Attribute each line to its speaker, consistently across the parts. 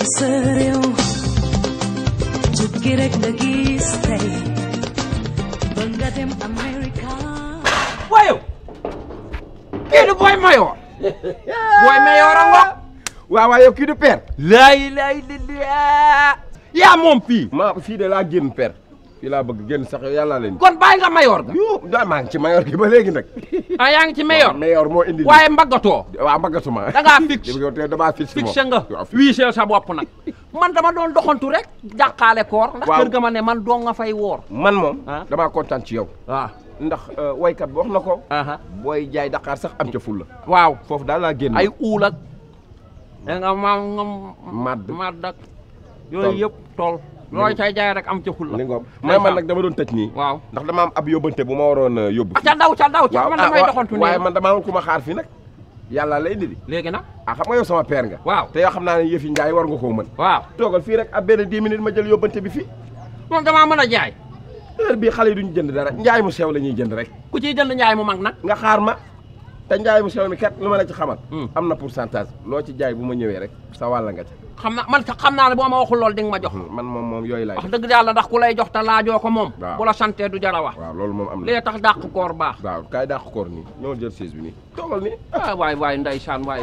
Speaker 1: waaye kii du booy mayoor booy mayoor a ngoog waaw waaye kii du père laay laay li yaa moom fii maa fii de laa génn père fii laa bëgg génn sax yàlla leen. kon bàyyi nga mayoor ga. yow da maa ngi ci mayoor gi ba léegi nag.
Speaker 2: ah yaa ngi ci mayoor.
Speaker 1: mayoor moo indi. waaye mbaggatoo. waaw mbaggatuma. da ngaa fixe damaa fixe moom fixe sa bopp nag.
Speaker 2: man dama doon doxantu rek. jàqaale koor. ndax kër ga ma ne man doo nga fay woor.
Speaker 1: man moom. Ah. damaa kontaan ci yow. waaw ah. ndax euh, waykat bi wax na ko. booy jaay Dakar sax am ca fulla. waaw foofu daal laa génn. ay
Speaker 2: uul ak. nga ma nga. màdd màdd ak yooyu yëpp tool looy say jaay rek am
Speaker 1: ca xul la li ngoog mais man nag dama doon tëj nii waaw ndax dama am ab yóbbante bu ma waroon uh, yóbbu ah, ca
Speaker 2: daw ca daw ca man ah, damay doxantu nii man
Speaker 1: dama am ku ma xaar fi nag yàlla lay indi di léegi nag ah xam nga yow sama père nga waaw te yoo xam naa ne yëf yi njaay war nga koo mën waaw toogal fii rek ab benn dix minutes ma jël yóbbante bi fii moom damaa mën a jaay heure bii xale yi duñu jënd dara njaay mu sew la ñuy jënd
Speaker 2: rek ku ciy jënd njaay mu mag nag nga xaar ma
Speaker 1: te njaay mu sew mi kat lu ma la ci xamal. Hmm. am na
Speaker 2: pourcentage loo ci jaay bu ma ñëwee rek sa wàll nga ca. xam naa man xam naa ne boo ma waxul lool di nga ma jox. Hmm, man moom moom yooy laay wax dëgg yàlla ndax ku lay jox ta laajoo ko moom. waaw bu la santee du jar a wax. waaw loolu moom am na lee tax dàq koor baax.
Speaker 1: waaw kaay dàq koor nii ñoo jël chaise
Speaker 2: ah, waay waay ndeysaan waay.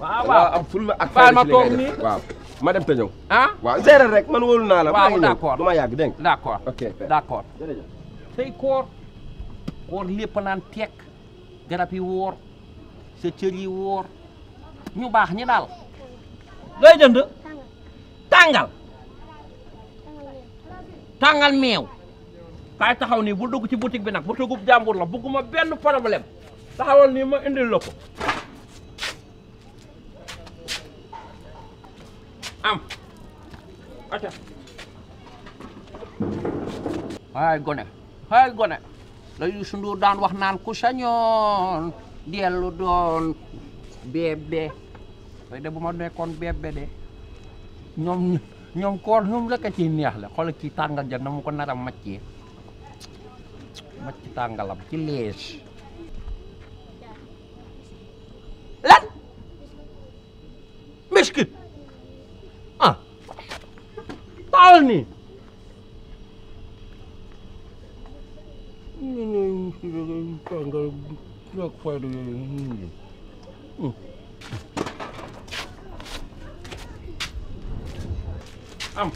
Speaker 2: waaw waaw am
Speaker 1: ful la ak. fay ma waaw ma dem ta ñëw. ah waaw gérer rek man woolu naa la. waaw d'accord du ma yàgg
Speaker 2: dégg nga. d'accord ok d'accord. tey koor koor lépp naan tekk garab yi woor sa yi woor ñu baax ñi daal looy jënd tàngal tàngal meew kaay taxaw nii bu dugg ci boutique bi nag bu tugub jàmbur la bugguma benn problème taxawal nii ma indil la am aca gone waay gone la Youssou Ndour daan wax naan ku sañoon dellu doon bébé tey de bu ma nekkoon bébé de ñoom ñoom ñoom la ka ci neex la xoolal ci tàngal ja na mu ko nar a màccee màcc ci lan biscuit ah taal nii
Speaker 1: kàngal ak fayda yooyu am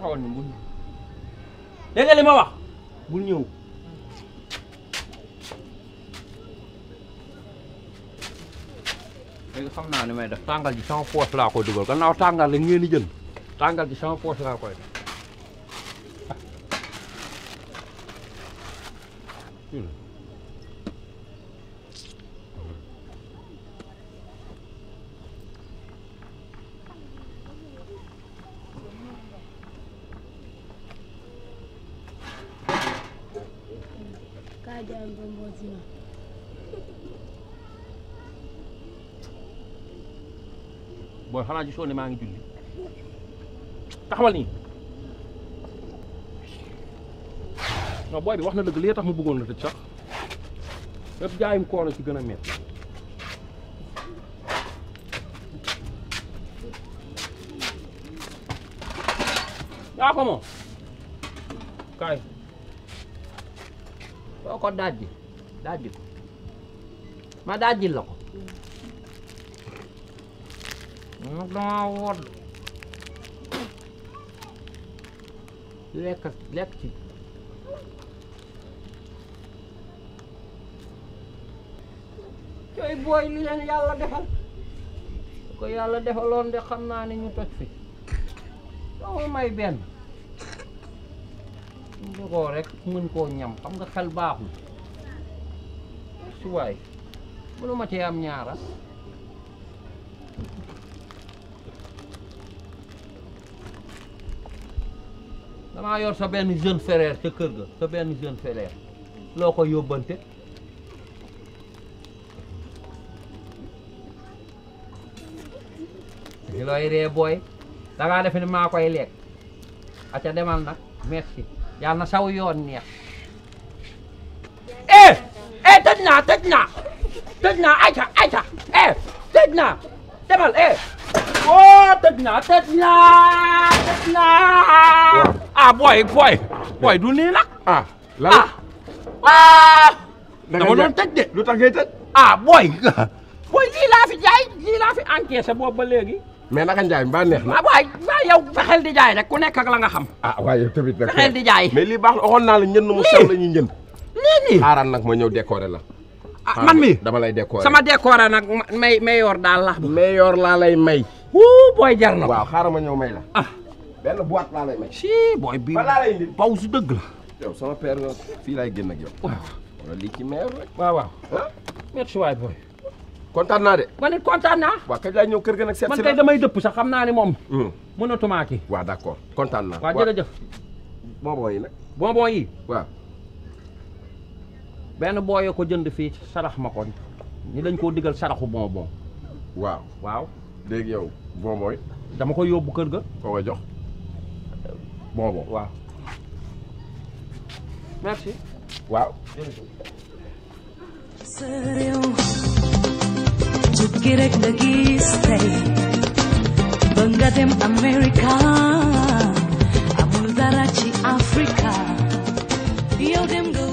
Speaker 2: taxawal ñun bul ñëw dégg nga li ma wax bul ñëw léegi xam naa ni may def tàngal ji sama poos laa koy dugal gannaaw tàngal la ngeen di jël tàngal ji sama poos laa koy kaja ngombozima
Speaker 1: booy xanaa gisoo ne maa ngi julli taxawal nii non booy bi wax na dëgg li tax mu bëggoon la tëj sax lépp jaayum koona ci gën a métti
Speaker 2: yaa ko moom kaay soo ko dajji dajji ko ma dajjil la ko mu dama wodd lekk lekk ci cooy booy li leen yàlla defal ko yàlla defaloon de xam naa ne ñu toj fi doo may benn koo rek mën koo ñam xam nga xel baaxul su waay mënu ma cee am ñaara damaa yor sa benn jeune frère ca kër ga sa benn jeune frère loo ko yóbbante di looy ree booy dangaa defe ne maa koy lekk aca demal nag merci yàlla e! e, e, na saw yoon neex eh eh tëj naa tëj naa tëj naa ayca ayca eh tëj naa demal eh oh tëj naa tëj naa tëj naa
Speaker 1: ah booy booy booy du nii nag ah lan ah waaw dama lu tax ngay tëj ah booy
Speaker 2: booy lii laa fi jaay lii laa boobu ba léegi
Speaker 1: mais naka Ndiaye baa neex na. Ah,
Speaker 2: waay waay yow fexeel di jaay rek ku nekk ak la nga xam.
Speaker 1: a ah, waaye yow nag fexeel di jaay. mais lii baax na waxoon naa la ñenn mu sew la ñuy ñën. lii nii xaaral nag ma ñëw décorer la. ah man mi dama lay décorer sama
Speaker 2: décorer nag may mayor daal la. mayor laa lay
Speaker 1: may. wuu booy jar na waaw xaaral ma ñëw may la. ah
Speaker 2: benn boîte laa lay may.
Speaker 1: si booy bii ba laa su dëgg la. yow sama père fii laay génn ak waaw waaw waaw
Speaker 2: merci waay booy. kontaan naa de. man it kontaan naa.
Speaker 1: waaw kañ laay ñëw kër ga nag sax xam naa ne moom. Hmm. mënatuma kii. waaw d' accord kontaan naa. waaw jërëjëf.
Speaker 2: bonbon nag. bonbon benn booyee ko jënd fii sarax ma ko ñu dañ koo digal saraxu bonbon. waaw
Speaker 1: waaw. léegi yow dama koy yóbbu kër ga. koo koy jox bonbon. waaw. merci. waaw.
Speaker 2: Sukirek lagi
Speaker 1: stay Bengatem America
Speaker 2: Amul dara ci Africa Yow dem nga